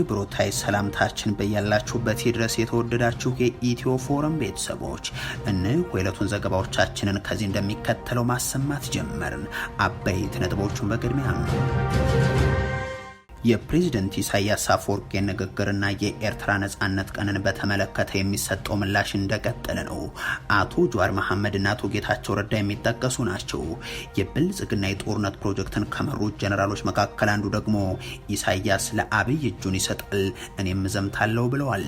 ክብሮታይ ሰላምታችን በያላችሁበት ድረስ የተወደዳችሁ የኢትዮ ፎረም ቤተሰቦች እንህ የዕለቱን ዘገባዎቻችንን ከዚህ እንደሚከተለው ማሰማት ጀመርን። አበይት ነጥቦቹን በቅድሚያ የፕሬዝደንት ኢሳያስ አፈወርቂ ንግግርና የኤርትራ ነጻነት ቀንን በተመለከተ የሚሰጠው ምላሽ እንደቀጠለ ነው። አቶ ጀዋር መሐመድና አቶ ጌታቸው ረዳ የሚጠቀሱ ናቸው። የብልጽግና የጦርነት ፕሮጀክትን ከመሩት ጀኔራሎች መካከል አንዱ ደግሞ ኢሳያስ ለአብይ እጁን ይሰጣል እኔም ዘምታለው ብለዋል።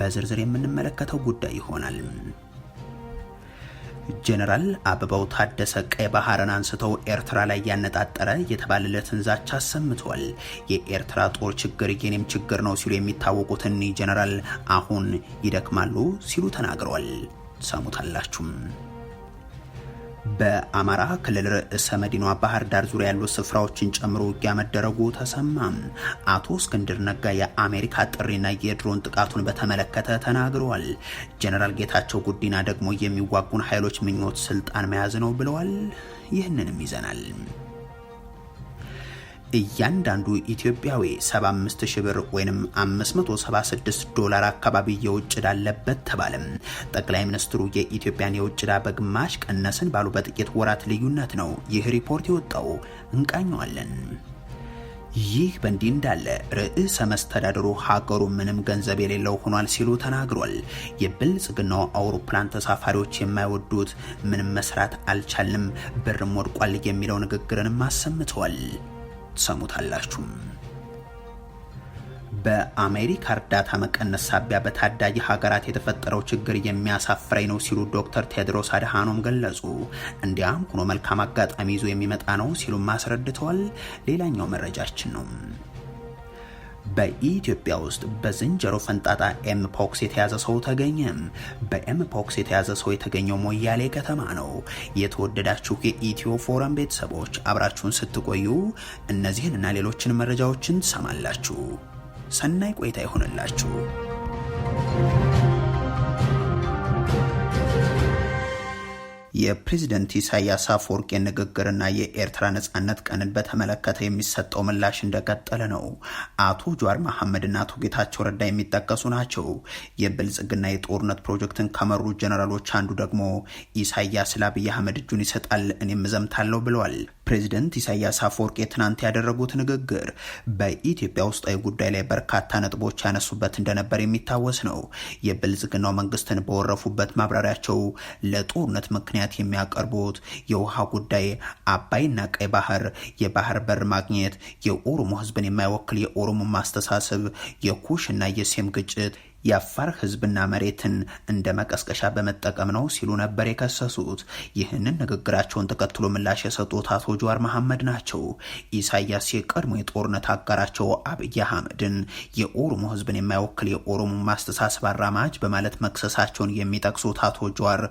በዝርዝር የምንመለከተው ጉዳይ ይሆናል። ጀነራል አበባው ታደሰ ቀይ ባህርን አንስተው ኤርትራ ላይ ያነጣጠረ የተባለለትን ዛቻ አሰምተዋል። የኤርትራ ጦር ችግር የኔም ችግር ነው ሲሉ የሚታወቁት ጀነራል አሁን ይደክማሉ ሲሉ ተናግረዋል። ሰሙታላችሁም። በአማራ ክልል ርዕሰ መዲኗ ባህር ዳር ዙሪያ ያሉ ስፍራዎችን ጨምሮ ውጊያ መደረጉ ተሰማ። አቶ እስክንድር ነጋ የአሜሪካ ጥሪና የድሮን ጥቃቱን በተመለከተ ተናግረዋል። ጀነራል ጌታቸው ጉዲና ደግሞ የሚዋጉን ኃይሎች ምኞት ስልጣን መያዝ ነው ብለዋል። ይህንንም ይዘናል። እያንዳንዱ ኢትዮጵያዊ 75 ሺህ ብር ወይም 576 ዶላር አካባቢ የውጭ ዕዳ አለበት ተባለም። ጠቅላይ ሚኒስትሩ የኢትዮጵያን የውጭ ዕዳ በግማሽ ቀነስን ባሉ በጥቂት ወራት ልዩነት ነው ይህ ሪፖርት የወጣው። እንቃኘዋለን። ይህ በእንዲህ እንዳለ ርዕሰ መስተዳድሩ ሀገሩ ምንም ገንዘብ የሌለው ሆኗል ሲሉ ተናግሯል። የብልጽግናው አውሮፕላን ተሳፋሪዎች የማይወዱት ምንም መስራት አልቻልንም፣ ብርም ወድቋል የሚለው ንግግርንም አሰምተዋል። ትሰሙታላችሁ። በአሜሪካ እርዳታ መቀነስ ሳቢያ በታዳጊ ሀገራት የተፈጠረው ችግር የሚያሳፍረኝ ነው ሲሉ ዶክተር ቴድሮስ አድሃኖም ገለጹ። እንዲያም ሆኖ መልካም አጋጣሚ ይዞ የሚመጣ ነው ሲሉም አስረድተዋል። ሌላኛው መረጃችን ነው። በኢትዮጵያ ውስጥ በዝንጀሮ ፈንጣጣ ኤምፖክስ የተያዘ ሰው ተገኘ። በኤምፖክስ የተያዘ ሰው የተገኘው ሞያሌ ከተማ ነው። የተወደዳችሁ የኢትዮ ፎረም ቤተሰቦች አብራችሁን ስትቆዩ እነዚህንና ሌሎችን መረጃዎችን ትሰማላችሁ። ሰናይ ቆይታ ይሆንላችሁ። የፕሬዚደንት ኢሳያስ አፈወርቂ የንግግርና የኤርትራ ነጻነት ቀንን በተመለከተ የሚሰጠው ምላሽ እንደቀጠለ ነው። አቶ ጀዋር መሐመድና አቶ ጌታቸው ረዳ የሚጠቀሱ ናቸው። የብልጽግና የጦርነት ፕሮጀክትን ከመሩ ጀነራሎች አንዱ ደግሞ ኢሳያስ ለአብይ አህመድ እጁን ይሰጣል እኔም እዘምታለሁ ብለዋል። ፕሬዚደንት ኢሳያስ አፈወርቄ ትናንት ያደረጉት ንግግር በኢትዮጵያ ውስጣዊ ጉዳይ ላይ በርካታ ነጥቦች ያነሱበት እንደነበር የሚታወስ ነው። የብልጽግናው መንግስትን በወረፉበት ማብራሪያቸው ለጦርነት ምክንያት የሚያቀርቡት የውሃ ጉዳይ፣ አባይና ቀይ ባህር፣ የባህር በር ማግኘት፣ የኦሮሞ ህዝብን የማይወክል የኦሮሞ ማስተሳሰብ፣ የኩሽና የሴም ግጭት የአፋር ህዝብና መሬትን እንደ መቀስቀሻ በመጠቀም ነው ሲሉ ነበር የከሰሱት። ይህንን ንግግራቸውን ተከትሎ ምላሽ የሰጡት አቶ ጀዋር መሐመድ ናቸው። ኢሳያስ የቀድሞ የጦርነት አጋራቸው አብይ አህመድን የኦሮሞ ህዝብን የማይወክል የኦሮሞ ማስተሳሰብ አራማጅ በማለት መክሰሳቸውን የሚጠቅሱት አቶ ጀዋር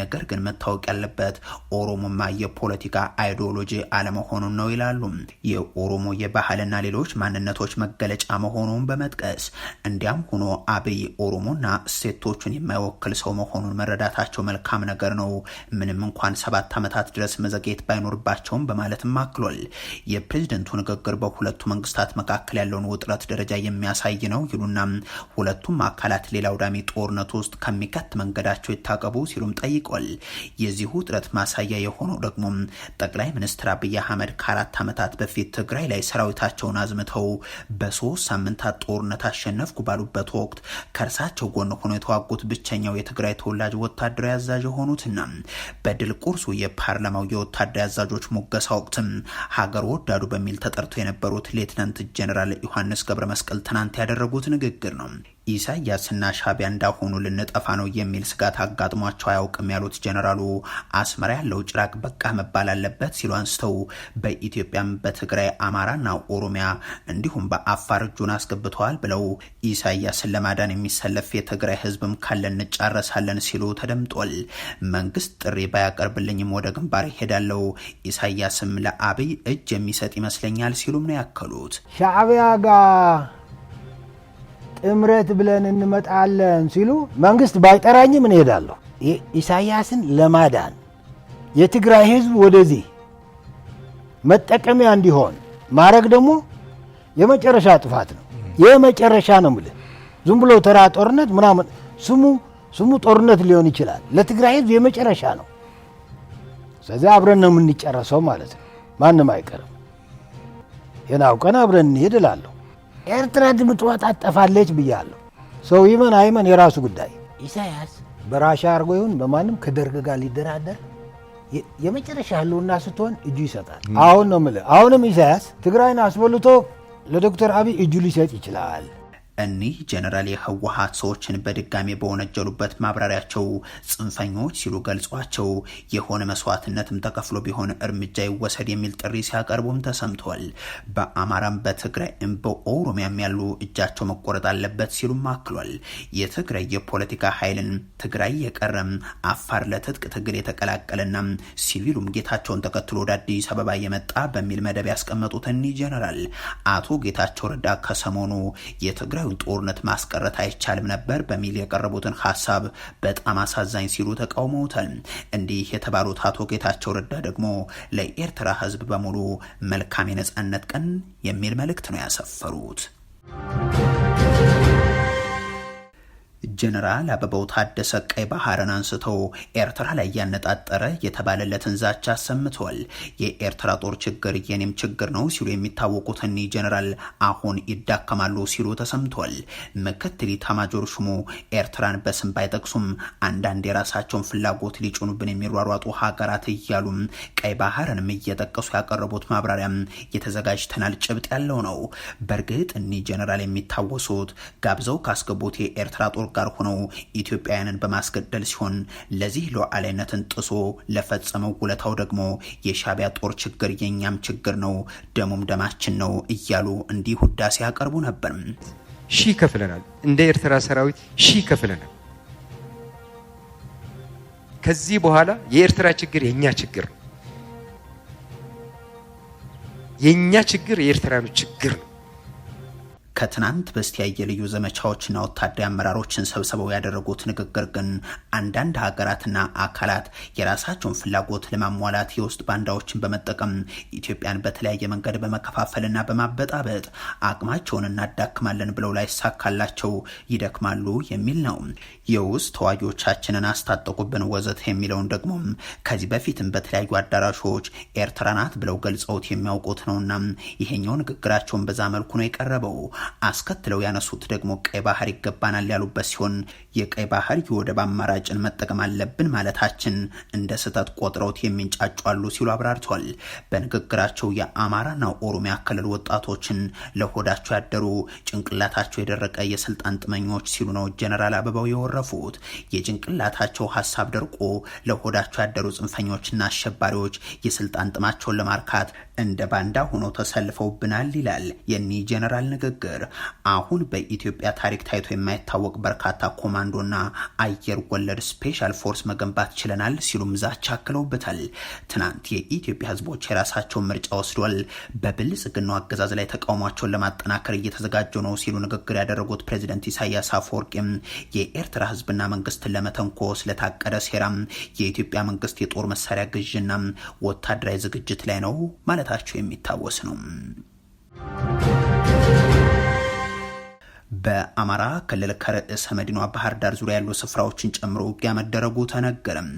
ነገር ግን መታወቅ ያለበት ኦሮሞማ የፖለቲካ አይዲዮሎጂ አለመሆኑን ነው ይላሉ። የኦሮሞ የባህልና ሌሎች ማንነቶች መገለጫ መሆኑን በመጥቀስ እንዲያም ሆኖ አብይ ኦሮሞና ሴቶቹን የማይወክል ሰው መሆኑን መረዳታቸው መልካም ነገር ነው፣ ምንም እንኳን ሰባት ዓመታት ድረስ መዘግየት ባይኖርባቸውም በማለትም አክሏል። የፕሬዝደንቱ ንግግር በሁለቱ መንግስታት መካከል ያለውን ውጥረት ደረጃ የሚያሳይ ነው ይሉና ሁለቱም አካላት ሌላ አውዳሚ ጦርነት ውስጥ ከሚከት መንገዳቸው ይታቀቡ ሲሉም ጠይቋል። የዚሁ ውጥረት ማሳያ የሆነው ደግሞ ጠቅላይ ሚኒስትር አብይ አህመድ ከአራት ዓመታት በፊት ትግራይ ላይ ሰራዊታቸውን አዝምተው በሶስት ሳምንታት ጦርነት አሸነፍኩ ባሉበት ወቅት ከእርሳቸው ጎን ሆኖ የተዋጉት ብቸኛው የትግራይ ተወላጅ ወታደራዊ አዛዥ የሆኑትና በድል ቁርሱ የፓርላማው የወታደራዊ አዛዦች ሙገሳ ወቅትም ሀገር ወዳዱ በሚል ተጠርቶ የነበሩት ሌትናንት ጀኔራል ዮሐንስ ገብረ መስቀል ትናንት ያደረጉት ንግግር ነው። ኢሳያስና ሻቢያ እንዳሆኑ ልንጠፋ ነው የሚል ስጋት አጋጥሟቸው አያውቅም ያሉት ጀነራሉ አስመራ ያለው ጭራቅ በቃ መባል አለበት ሲሉ አንስተው በኢትዮጵያም በትግራይ አማራና ኦሮሚያ እንዲሁም በአፋር እጁን አስገብተዋል ብለው ኢሳያስን ለማዳን የሚሰለፍ የትግራይ ህዝብም ካለ እንጫረሳለን ሲሉ ተደምጧል። መንግስት ጥሪ ባያቀርብልኝም ወደ ግንባር ይሄዳለው ኢሳያስም ለአብይ እጅ የሚሰጥ ይመስለኛል ሲሉም ነው ያከሉት ሻዕቢያ ጋር ጥምረት ብለን እንመጣለን ሲሉ መንግስት ባይጠራኝም እንሄዳለሁ። ኢሳያስን ለማዳን የትግራይ ህዝብ ወደዚህ መጠቀሚያ እንዲሆን ማድረግ ደግሞ የመጨረሻ ጥፋት ነው። የመጨረሻ ነው የምልህ። ዝም ብሎ ተራ ጦርነት ምናምን ስሙ ስሙ ጦርነት ሊሆን ይችላል። ለትግራይ ህዝብ የመጨረሻ ነው። ስለዚህ አብረን ነው የምንጨረሰው ማለት ነው። ማንም አይቀርም። ይህን አውቀን አብረን እንሄድ እላለሁ። ኤርትራ ድምጥዋት አጠፋለች ብያለሁ። ሰው ይመን አይመን የራሱ ጉዳይ። ኢሳያስ በራሻ አድርጎ ይሁን በማንም ከደርግ ጋር ሊደራደር የመጨረሻ ህልውና ስትሆን እጁ ይሰጣል። አሁን ነው የምልህ። አሁንም ኢሳያስ ትግራይን አስበልቶ ለዶክተር አብይ እጁ ሊሰጥ ይችላል። እኒህ ጀነራል የህወሀት ሰዎችን በድጋሜ በወነጀሉበት ማብራሪያቸው ጽንፈኞች ሲሉ ገልጿቸው የሆነ መስዋዕትነትም ተከፍሎ ቢሆን እርምጃ ይወሰድ የሚል ጥሪ ሲያቀርቡም ተሰምቷል። በአማራም በትግራይም በኦሮሚያም ያሉ እጃቸው መቆረጥ አለበት ሲሉም አክሏል። የትግራይ የፖለቲካ ኃይልን ትግራይ የቀረም አፋር ለትጥቅ ትግል የተቀላቀለና ሲቪሉም ጌታቸውን ተከትሎ ወደ አዲስ አበባ የመጣ በሚል መደብ ያስቀመጡት እኒህ ጀነራል አቶ ጌታቸው ረዳ ከሰሞኑ የትግራይ አሁናዊውን ጦርነት ማስቀረት አይቻልም ነበር በሚል የቀረቡትን ሀሳብ በጣም አሳዛኝ ሲሉ ተቃውመውታል። እንዲህ የተባሉት አቶ ጌታቸው ረዳ ደግሞ ለኤርትራ ህዝብ በሙሉ መልካም የነጻነት ቀን የሚል መልእክት ነው ያሰፈሩት። ጀነራል አበባው ታደሰ ቀይ ባህርን አንስተው ኤርትራ ላይ ያነጣጠረ የተባለለትን ዛቻ አሰምተዋል። የኤርትራ ጦር ችግር የኔም ችግር ነው ሲሉ የሚታወቁት እኒ ጀነራል አሁን ይዳከማሉ ሲሉ ተሰምተዋል። ምክትል ኢታማጆር ሹሙ ኤርትራን በስም ባይጠቅሱም አንዳንድ የራሳቸውን ፍላጎት ሊጭኑብን የሚሯሯጡ ሀገራት እያሉም ቀይ ባህርንም እየጠቀሱ ያቀረቡት ማብራሪያም የተዘጋጅተናል ጭብጥ ያለው ነው። በእርግጥ እኒ ጀነራል የሚታወሱት ጋብዘው ካስገቡት የኤርትራ ጦር ጋር ሆነው ኢትዮጵያውያንን በማስገደል ሲሆን ለዚህ ሉዓላዊነትን ጥሶ ለፈጸመው ውለታው ደግሞ የሻቢያ ጦር ችግር የኛም ችግር ነው፣ ደሙም ደማችን ነው እያሉ እንዲህ ውዳሴ ያቀርቡ ነበር። ሺ ከፍለናል፣ እንደ ኤርትራ ሰራዊት ሺ ከፍለናል። ከዚህ በኋላ የኤርትራ ችግር የእኛ ችግር ነው፣ የእኛ ችግር የኤርትራኖች ችግር ነው። ከትናንት በስቲያ የልዩ ዘመቻዎችና ወታደራዊ አመራሮችን ሰብስበው ያደረጉት ንግግር ግን አንዳንድ ሀገራትና አካላት የራሳቸውን ፍላጎት ለማሟላት የውስጥ ባንዳዎችን በመጠቀም ኢትዮጵያን በተለያየ መንገድ በመከፋፈልና በማበጣበጥ አቅማቸውን እናዳክማለን ብለው ላይሳካላቸው ይደክማሉ የሚል ነው። የውስጥ ተዋጊዎቻችንን አስታጠቁብን ወዘት የሚለውን ደግሞ ከዚህ በፊትም በተለያዩ አዳራሾች ኤርትራ ናት ብለው ገልጸውት የሚያውቁት ነውና ይሄኛው ንግግራቸውን በዛ መልኩ ነው የቀረበው። አስከትለው ያነሱት ደግሞ ቀይ ባህር ይገባናል ያሉበት ሲሆን የቀይ ባህር የወደብ አማራጭን መጠቀም አለብን ማለታችን እንደ ስህተት ቆጥረውት የሚንጫጩ አሉ ሲሉ አብራርተዋል። በንግግራቸው የአማራና ኦሮሚያ ክልል ወጣቶችን ለሆዳቸው ያደሩ ጭንቅላታቸው የደረቀ የስልጣን ጥመኞች ሲሉ ነው ጀነራል አበባው የወረፉት። የጭንቅላታቸው ሀሳብ ደርቆ ለሆዳቸው ያደሩ ጽንፈኞችና አሸባሪዎች የስልጣን ጥማቸውን ለማርካት እንደ ባንዳ ሆነው ተሰልፈውብናል ይላል የኒ ጀነራል ንግግር። ጭምር አሁን በኢትዮጵያ ታሪክ ታይቶ የማይታወቅ በርካታ ኮማንዶና አየር ወለድ ስፔሻል ፎርስ መገንባት ችለናል ሲሉም ዛቻ አክለውበታል። ትናንት የኢትዮጵያ ሕዝቦች የራሳቸውን ምርጫ ወስዷል፣ በብልጽግናው አገዛዝ ላይ ተቃውሟቸውን ለማጠናከር እየተዘጋጁ ነው ሲሉ ንግግር ያደረጉት ፕሬዚደንት ኢሳያስ አፈወርቂም የኤርትራ ሕዝብና መንግስትን ለመተንኮስ ለታቀደ ሴራም የኢትዮጵያ መንግስት የጦር መሳሪያ ግዥና ወታደራዊ ዝግጅት ላይ ነው ማለታቸው የሚታወስ ነው። በአማራ ክልል ከርዕሰ መዲኗ ባህር ዳር ዙሪያ ያሉ ስፍራዎችን ጨምሮ ውጊያ መደረጉ ተነገረም።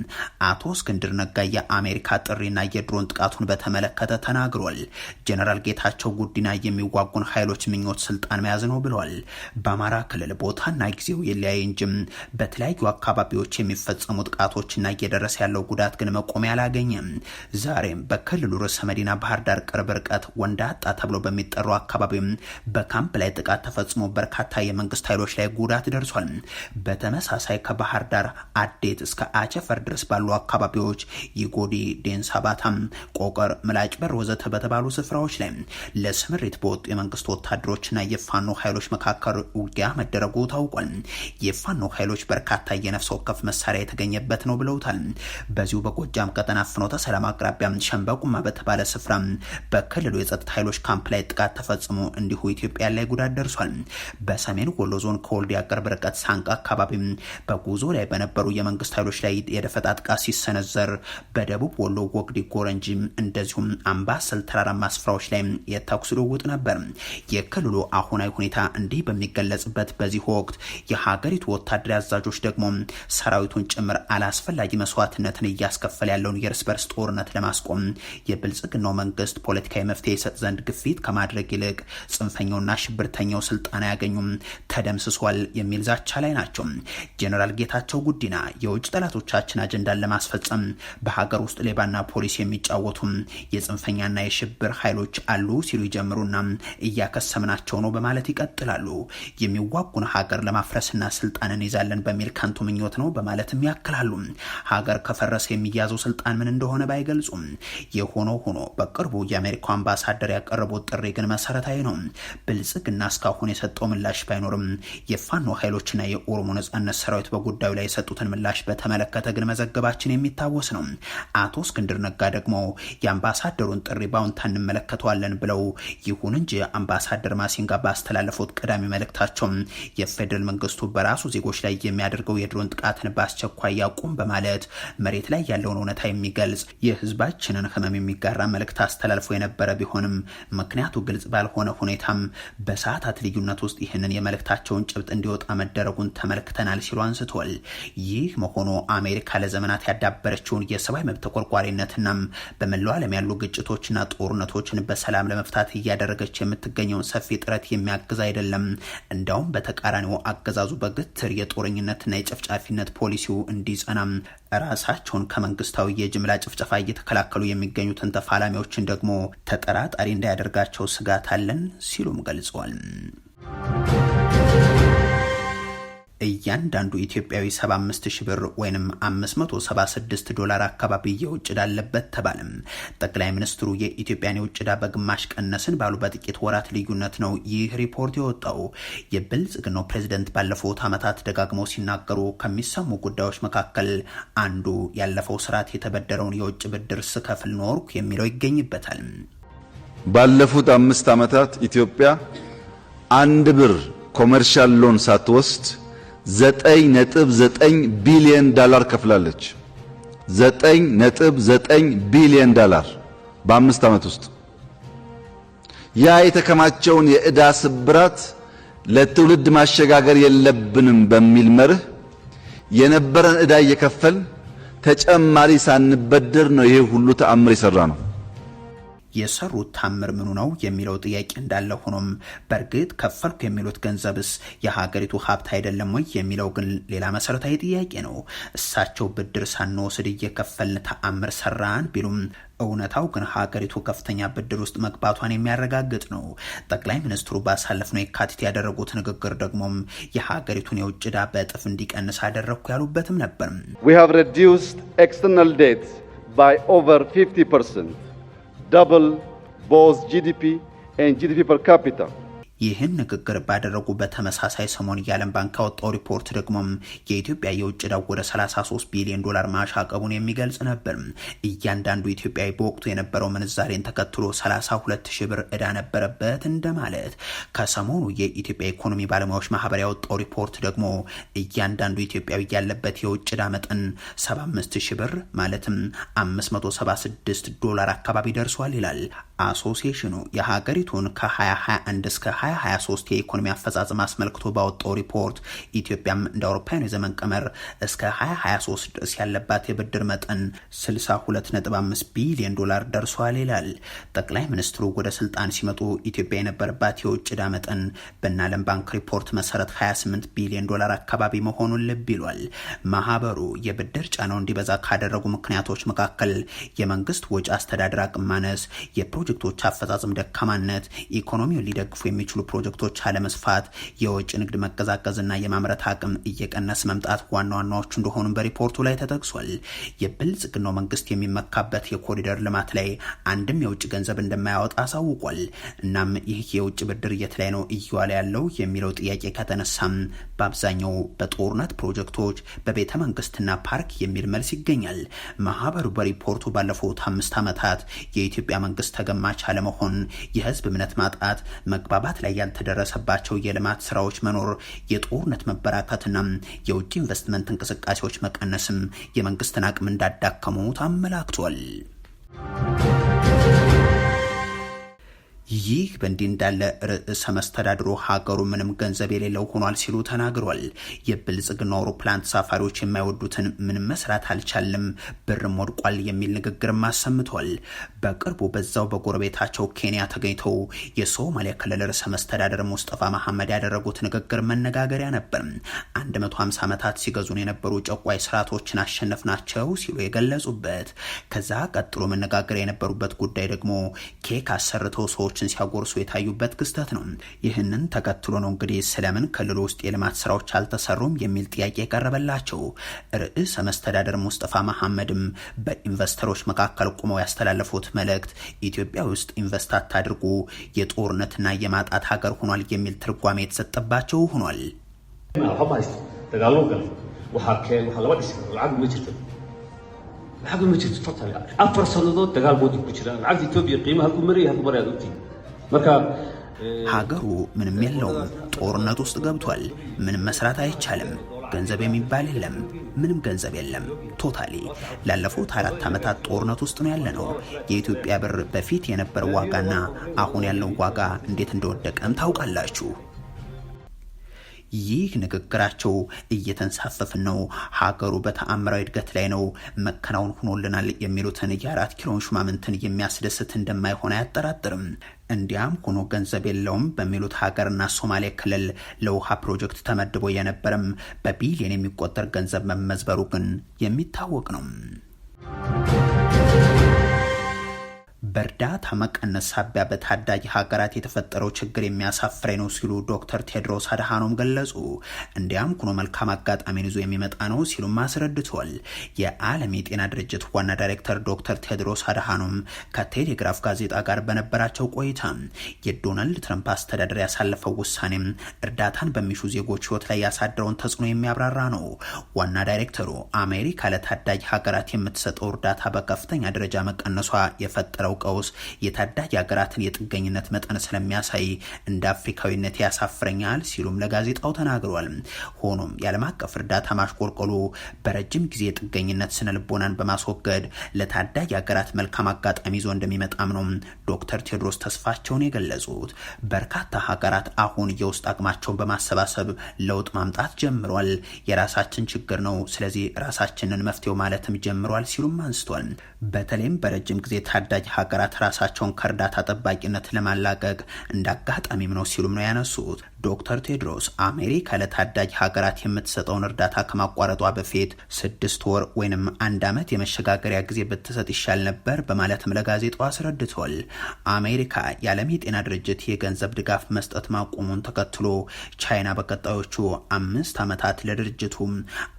አቶ እስክንድር ነጋ የአሜሪካ ጥሪና የድሮን ጥቃቱን በተመለከተ ተናግሯል። ጀነራል ጌታቸው ጉዲና የሚዋጉን ኃይሎች ምኞት ስልጣን መያዝ ነው ብለዋል። በአማራ ክልል ቦታና ጊዜው የለያይ እንጂም በተለያዩ አካባቢዎች የሚፈጸሙ ጥቃቶችና እየደረሰ ያለው ጉዳት ግን መቆሚያ አላገኘም። ዛሬም በክልሉ ርዕሰ መዲና ባህር ዳር ቅርብ ርቀት ወንዳጣ ተብሎ በሚጠራው አካባቢ በካምፕ ላይ ጥቃት ተፈጽሞ በርካታ በርካታ የመንግስት ኃይሎች ላይ ጉዳት ደርሷል። በተመሳሳይ ከባህር ዳር አዴት እስከ አቸፈር ድረስ ባሉ አካባቢዎች ይጎዲ፣ ዴንሳ፣ ቆቀር፣ ምላጭ በር ወዘተ በተባሉ ስፍራዎች ላይ ለስምሪት በወጡ የመንግስት ወታደሮችና የፋኖ ኃይሎች መካከል ውጊያ መደረጉ ታውቋል። የፋኖ ኃይሎች በርካታ የነፍስ ወከፍ መሳሪያ የተገኘበት ነው ብለውታል። በዚሁ በጎጃም ቀጠና ፍኖተ ሰላም አቅራቢያ ሸንበቁማ በተባለ ስፍራ በክልሉ የጸጥታ ኃይሎች ካምፕ ላይ ጥቃት ተፈጽሞ እንዲሁ ኢትዮጵያ ላይ ጉዳት ደርሷል። በሰሜን ወሎ ዞን ከወልዲያ ቅርብ ርቀት ሳንቃ አካባቢም በጉዞ ላይ በነበሩ የመንግስት ኃይሎች ላይ የደፈጣ ጥቃት ሲሰነዘር፣ በደቡብ ወሎ ወግዲ ጎረንጂ፣ እንደዚሁም አምባሰል ተራራማ ስፍራዎች ላይ የተኩስ ልውውጥ ነበር። የክልሉ አሁናዊ ሁኔታ እንዲህ በሚገለጽበት በዚህ ወቅት የሀገሪቱ ወታደራዊ አዛዦች ደግሞ ሰራዊቱን ጭምር አላስፈላጊ መስዋዕትነትን እያስከፈለ ያለውን የእርስ በርስ ጦርነት ለማስቆም የብልጽግናው መንግስት ፖለቲካዊ መፍትሄ ይሰጥ ዘንድ ግፊት ከማድረግ ይልቅ ጽንፈኛውና ሽብርተኛው ስልጣና ያገኙ አልተገኙም፣ ተደምስሷል የሚል ዛቻ ላይ ናቸው። ጄኔራል ጌታቸው ጉዲና የውጭ ጠላቶቻችን አጀንዳን ለማስፈጸም በሀገር ውስጥ ሌባና ፖሊስ የሚጫወቱም የጽንፈኛና የሽብር ኃይሎች አሉ ሲሉ ይጀምሩና እያከሰምናቸው ነው በማለት ይቀጥላሉ። የሚዋጉን ሀገር ለማፍረስና ስልጣን እንይዛለን በሚል ከንቱ ምኞት ነው በማለትም ያክላሉ። ሀገር ከፈረሰ የሚያዘው ስልጣን ምን እንደሆነ ባይገልጹም፣ የሆኖ ሆኖ በቅርቡ የአሜሪካው አምባሳደር ያቀረቡት ጥሪ ግን መሰረታዊ ነው። ብልጽግና እስካሁን የሰጠው ምላሽ ምላሽ ባይኖርም የፋኖ ኃይሎችና የኦሮሞ ነጻነት ሰራዊት በጉዳዩ ላይ የሰጡትን ምላሽ በተመለከተ ግን መዘገባችን የሚታወስ ነው። አቶ እስክንድር ነጋ ደግሞ የአምባሳደሩን ጥሪ ባውንታ እንመለከተዋለን ብለው፣ ይሁን እንጂ አምባሳደር ማሲንጋ ባስተላለፉት ቀዳሚ መልእክታቸው የፌደራል መንግስቱ በራሱ ዜጎች ላይ የሚያደርገው የድሮን ጥቃትን በአስቸኳይ ያቁም በማለት መሬት ላይ ያለውን እውነታ የሚገልጽ የህዝባችንን ህመም የሚጋራ መልእክት አስተላልፎ የነበረ ቢሆንም ምክንያቱ ግልጽ ባልሆነ ሁኔታም በሰዓታት ልዩነት ውስጥ ይህ ይህንን የመልእክታቸውን ጭብጥ እንዲወጣ መደረጉን ተመልክተናል ሲሉ አንስቷል። ይህ መሆኑ አሜሪካ ለዘመናት ያዳበረችውን የሰብአዊ መብት ተቆርቋሪነትና በመላው ዓለም ያሉ ግጭቶችና ጦርነቶችን በሰላም ለመፍታት እያደረገች የምትገኘውን ሰፊ ጥረት የሚያግዝ አይደለም። እንዲያውም በተቃራኒው አገዛዙ በግትር የጦረኝነትና የጨፍጫፊነት ፖሊሲው እንዲጸናም ራሳቸውን ከመንግስታዊ የጅምላ ጭፍጨፋ እየተከላከሉ የሚገኙትን ተፋላሚዎችን ደግሞ ተጠራጣሪ እንዳያደርጋቸው ስጋት አለን ሲሉም ገልጸዋል። እያንዳንዱ ኢትዮጵያዊ 75 ሺህ ብር ወይም 576 ዶላር አካባቢ የውጭ ዕዳ አለበት ተባለም። ጠቅላይ ሚኒስትሩ የኢትዮጵያን የውጭ ዕዳ በግማሽ ቀነስን ባሉ በጥቂት ወራት ልዩነት ነው ይህ ሪፖርት የወጣው። የብልጽግናው ፕሬዚደንት ባለፉት ዓመታት ደጋግመው ሲናገሩ ከሚሰሙ ጉዳዮች መካከል አንዱ ያለፈው ስርዓት የተበደረውን የውጭ ብድር ስከፍል ኖርኩ የሚለው ይገኝበታል። ባለፉት አምስት ዓመታት ኢትዮጵያ አንድ ብር ኮመርሻል ሎን ሳትወስድ 9.9 ቢሊዮን ዳላር ከፍላለች። 9.9 ቢሊዮን ዳላር በአምስት ዓመት ውስጥ ያ የተከማቸውን የዕዳ ስብራት ለትውልድ ማሸጋገር የለብንም በሚል መርህ የነበረን ዕዳ እየከፈል ተጨማሪ ሳንበደር ነው ይሄ ሁሉ ተአምር የሰራ ነው። የሰሩት ታምር ምኑ ነው የሚለው ጥያቄ እንዳለ ሆኖም በእርግጥ ከፈልኩ የሚሉት ገንዘብስ የሀገሪቱ ሀብት አይደለም ወይ የሚለው ግን ሌላ መሰረታዊ ጥያቄ ነው። እሳቸው ብድር ሳንወስድ እየከፈልን ተአምር ሰራን ቢሉም እውነታው ግን ሀገሪቱ ከፍተኛ ብድር ውስጥ መግባቷን የሚያረጋግጥ ነው። ጠቅላይ ሚኒስትሩ ባሳለፍነው የካቲት ያደረጉት ንግግር ደግሞም የሀገሪቱን የውጭ ዕዳ በእጥፍ እንዲቀንስ አደረግኩ ያሉበትም ነበር። We have reduced external 50%. double both GDP and GDP per capita. ይህን ንግግር ባደረጉ በተመሳሳይ ሰሞን የዓለም ባንክ ያወጣው ሪፖርት ደግሞም የኢትዮጵያ የውጭ ዕዳ ወደ 33 ቢሊዮን ዶላር ማሻቀቡን የሚገልጽ ነበር። እያንዳንዱ ኢትዮጵያዊ በወቅቱ የነበረው ምንዛሬን ተከትሎ 32 ሺህ ብር ዕዳ ነበረበት እንደማለት። ከሰሞኑ የኢትዮጵያ ኢኮኖሚ ባለሙያዎች ማህበር ያወጣው ሪፖርት ደግሞ እያንዳንዱ ኢትዮጵያዊ ያለበት የውጭ ዕዳ መጠን 75 ሺህ ብር ማለትም 576 ዶላር አካባቢ ደርሷል ይላል። አሶሲሽኑ የሀገሪቱን ከ2021 እስከ 2023 የኢኮኖሚ አፈጻጸም አስመልክቶ ባወጣው ሪፖርት ኢትዮጵያም እንደ አውሮፓውያኑ የዘመን ቀመር እስከ 2023 ድረስ ያለባት የብድር መጠን 62.5 ቢሊዮን ዶላር ደርሷል ይላል። ጠቅላይ ሚኒስትሩ ወደ ስልጣን ሲመጡ ኢትዮጵያ የነበረባት የውጭ ዕዳ መጠን በዓለም ባንክ ሪፖርት መሰረት 28 ቢሊዮን ዶላር አካባቢ መሆኑን ልብ ይሏል። ማህበሩ የብድር ጫናው እንዲበዛ ካደረጉ ምክንያቶች መካከል የመንግስት ወጪ አስተዳደር አቅም ማነስ፣ የፕሮጀክቶች አፈጻጸም ደካማነት፣ ኢኮኖሚውን ሊደግፉ የሚችሉ የሚችሉ ፕሮጀክቶች አለመስፋት፣ የውጭ ንግድ መቀዛቀዝና የማምረት አቅም እየቀነስ መምጣት ዋና ዋናዎቹ እንደሆኑም በሪፖርቱ ላይ ተጠቅሷል። የብልጽግናው መንግስት የሚመካበት የኮሪደር ልማት ላይ አንድም የውጭ ገንዘብ እንደማያወጣ አሳውቋል። እናም ይህ የውጭ ብድር የት ላይ ነው እየዋለ ያለው የሚለው ጥያቄ ከተነሳም በአብዛኛው በጦርነት ፕሮጀክቶች፣ በቤተ መንግስትና ፓርክ የሚል መልስ ይገኛል። ማህበሩ በሪፖርቱ ባለፉት አምስት ዓመታት የኢትዮጵያ መንግስት ተገማች አለመሆን፣ የህዝብ እምነት ማጣት፣ መግባባት ላይ ያልተደረሰባቸው የልማት ስራዎች መኖር፣ የጦርነት መበራከትና የውጭ ኢንቨስትመንት እንቅስቃሴዎች መቀነስም የመንግስትን አቅም እንዳዳከሙ አመላክቷል። ይህ በእንዲህ እንዳለ ርዕሰ መስተዳድሩ ሀገሩ ምንም ገንዘብ የሌለው ሆኗል ሲሉ ተናግሯል። የብልጽግና አውሮፕላን ተሳፋሪዎች የማይወዱትን ምንም መስራት አልቻልም፣ ብርም ወድቋል የሚል ንግግርም አሰምቷል። በቅርቡ በዛው በጎረቤታቸው ኬንያ ተገኝተው የሶማሊያ ክልል ርዕሰ መስተዳደር ሙስጠፋ መሐመድ ያደረጉት ንግግር መነጋገሪያ ነበር። 150 ዓመታት ሲገዙን የነበሩ ጨቋይ ስርዓቶችን አሸነፍናቸው ሲሉ የገለጹበት ከዛ ቀጥሎ መነጋገሪያ የነበሩበት ጉዳይ ደግሞ ኬክ አሰርተው ሰዎች መረጃዎችን ሲያጎርሱ የታዩበት ክስተት ነው። ይህንን ተከትሎ ነው እንግዲህ ስለምን ክልሉ ውስጥ የልማት ስራዎች አልተሰሩም የሚል ጥያቄ የቀረበላቸው። ርዕሰ መስተዳደር ሙስጠፋ መሐመድም በኢንቨስተሮች መካከል ቁመው ያስተላለፉት መልእክት ኢትዮጵያ ውስጥ ኢንቨስት አታድርጉ የጦርነትና የማጣት ሀገር ሆኗል የሚል ትርጓሜ የተሰጠባቸው ሆኗል። ሀገር ሀገሩ ምንም የለውም። ጦርነት ውስጥ ገብቷል። ምንም መስራት አይቻልም። ገንዘብ የሚባል የለም። ምንም ገንዘብ የለም። ቶታሊ ላለፉት አራት ዓመታት ጦርነት ውስጥ ነው ያለ ነው። የኢትዮጵያ ብር በፊት የነበረው ዋጋና አሁን ያለው ዋጋ እንዴት እንደወደቀም ታውቃላችሁ። ይህ ንግግራቸው እየተንሳፈፍን ነው፣ ሀገሩ በተአምራዊ እድገት ላይ ነው፣ መከናወን ሆኖልናል የሚሉትን የአራት ኪሎን ሹማምንትን የሚያስደስት እንደማይሆን አያጠራጥርም። እንዲያም ሆኖ ገንዘብ የለውም በሚሉት ሀገርና ሶማሌ ክልል ለውሃ ፕሮጀክት ተመድቦ የነበረም በቢሊዮን የሚቆጠር ገንዘብ መመዝበሩ ግን የሚታወቅ ነው። በእርዳታ መቀነስ ሳቢያ በታዳጊ ሀገራት የተፈጠረው ችግር የሚያሳፍረኝ ነው ሲሉ ዶክተር ቴድሮስ አድሃኖም ገለጹ። እንዲያም ሆኖ መልካም አጋጣሚን ይዞ የሚመጣ ነው ሲሉም አስረድቷል። የዓለም የጤና ድርጅት ዋና ዳይሬክተር ዶክተር ቴድሮስ አድሃኖም ከቴሌግራፍ ጋዜጣ ጋር በነበራቸው ቆይታ የዶናልድ ትራምፕ አስተዳደር ያሳለፈው ውሳኔም እርዳታን በሚሹ ዜጎች ህይወት ላይ ያሳደረውን ተጽዕኖ የሚያብራራ ነው። ዋና ዳይሬክተሩ አሜሪካ ለታዳጊ ሀገራት የምትሰጠው እርዳታ በከፍተኛ ደረጃ መቀነሷ የፈጠረ የፈጠረው ቀውስ የታዳጊ ሀገራትን የጥገኝነት መጠን ስለሚያሳይ እንደ አፍሪካዊነት ያሳፍረኛል ሲሉም ለጋዜጣው ተናግሯል። ሆኖም የዓለም አቀፍ እርዳታ ማሽቆልቆሉ በረጅም ጊዜ የጥገኝነት ስነ ልቦናን በማስወገድ ለታዳጊ ሀገራት መልካም አጋጣሚ ይዞ እንደሚመጣም ነው ዶክተር ቴዎድሮስ ተስፋቸውን የገለጹት። በርካታ ሀገራት አሁን የውስጥ አቅማቸውን በማሰባሰብ ለውጥ ማምጣት ጀምሯል። የራሳችን ችግር ነው፣ ስለዚህ ራሳችንን መፍትሄው ማለትም ጀምሯል ሲሉም አንስቷል። በተለይም በረጅም ጊዜ ታዳጊ ሀገራት ራሳቸውን ከእርዳታ ጠባቂነት ለማላቀቅ እንደ አጋጣሚም ነው ሲሉም ነው ያነሱት። ዶክተር ቴድሮስ አሜሪካ ለታዳጊ ሀገራት የምትሰጠውን እርዳታ ከማቋረጧ በፊት ስድስት ወር ወይንም አንድ ዓመት የመሸጋገሪያ ጊዜ ብትሰጥ ይሻል ነበር በማለትም ለጋዜጣው አስረድቷል። አሜሪካ የዓለም የጤና ድርጅት የገንዘብ ድጋፍ መስጠት ማቆሙን ተከትሎ ቻይና በቀጣዮቹ አምስት ዓመታት ለድርጅቱም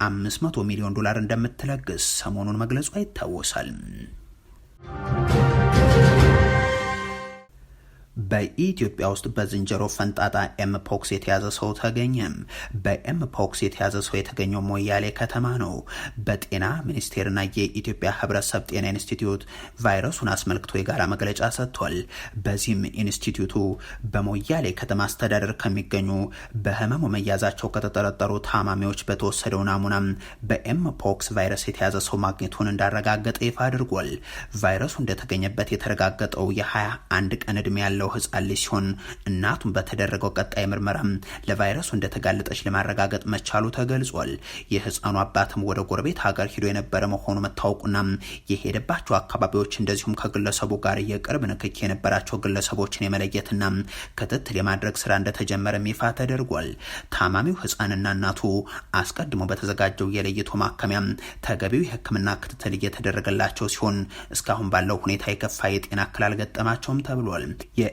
አምስት መቶ ሚሊዮን ዶላር እንደምትለግስ ሰሞኑን መግለጿ ይታወሳል። Thank you. በኢትዮጵያ ውስጥ በዝንጀሮ ፈንጣጣ ኤምፖክስ የተያዘ ሰው ተገኘም። በኤምፖክስ የተያዘ ሰው የተገኘው ሞያሌ ከተማ ነው። በጤና ሚኒስቴርና የኢትዮጵያ ሕብረተሰብ ጤና ኢንስቲትዩት ቫይረሱን አስመልክቶ የጋራ መግለጫ ሰጥቷል። በዚህም ኢንስቲትዩቱ በሞያሌ ከተማ አስተዳደር ከሚገኙ በህመሙ መያዛቸው ከተጠረጠሩ ታማሚዎች በተወሰደው ናሙናም በኤምፖክስ ቫይረስ የተያዘ ሰው ማግኘቱን እንዳረጋገጠ ይፋ አድርጓል። ቫይረሱ እንደተገኘበት የተረጋገጠው የ21 ቀን ዕድሜ ያለው የነበረው ህፃን ልጅ ሲሆን እናቱም በተደረገው ቀጣይ ምርመራም ለቫይረሱ እንደተጋለጠች ለማረጋገጥ መቻሉ ተገልጿል። የህፃኑ አባትም ወደ ጎረቤት ሀገር ሂዶ የነበረ መሆኑ መታወቁና የሄደባቸው አካባቢዎች እንደዚሁም ከግለሰቡ ጋር የቅርብ ንክኪ የነበራቸው ግለሰቦችን የመለየትና ክትትል የማድረግ ስራ እንደተጀመረ ይፋ ተደርጓል። ታማሚው ህፃንና እናቱ አስቀድሞ በተዘጋጀው የለይቶ ማከሚያ ተገቢው የህክምና ክትትል እየተደረገላቸው ሲሆን እስካሁን ባለው ሁኔታ የከፋ የጤና እክል አልገጠማቸውም ተብሏል።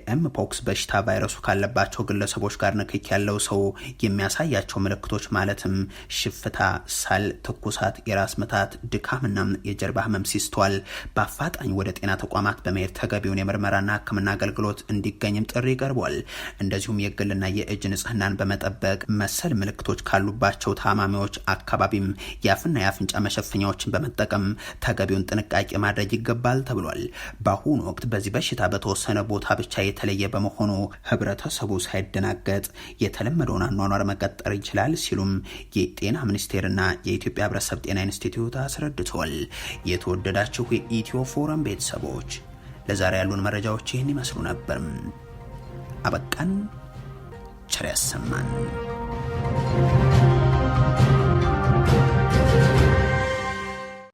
የኤምፖክስ በሽታ ቫይረሱ ካለባቸው ግለሰቦች ጋር ንክክ ያለው ሰው የሚያሳያቸው ምልክቶች ማለትም ሽፍታ፣ ሳል፣ ትኩሳት፣ የራስ ምታት፣ ድካምና የጀርባ ህመም ሲስተዋል በአፋጣኝ ወደ ጤና ተቋማት በመሄድ ተገቢውን የምርመራና ህክምና አገልግሎት እንዲገኝም ጥሪ ቀርቧል። እንደዚሁም የግልና የእጅ ንጽህናን በመጠበቅ መሰል ምልክቶች ካሉባቸው ታማሚዎች አካባቢም የአፍና የአፍንጫ መሸፈኛዎችን በመጠቀም ተገቢውን ጥንቃቄ ማድረግ ይገባል ተብሏል። በአሁኑ ወቅት በዚህ በሽታ በተወሰነ ቦታ ብቻ የተለየ በመሆኑ ህብረተሰቡ ሳይደናገጥ የተለመደውን አኗኗር መቀጠር ይችላል ሲሉም የጤና ሚኒስቴርና የኢትዮጵያ ህብረተሰብ ጤና ኢንስቲትዩት አስረድተል። የተወደዳችሁ የኢትዮ ፎረም ቤተሰቦች ለዛሬ ያሉን መረጃዎች ይህን ይመስሉ ነበር። አበቃን። ቸር ያሰማን።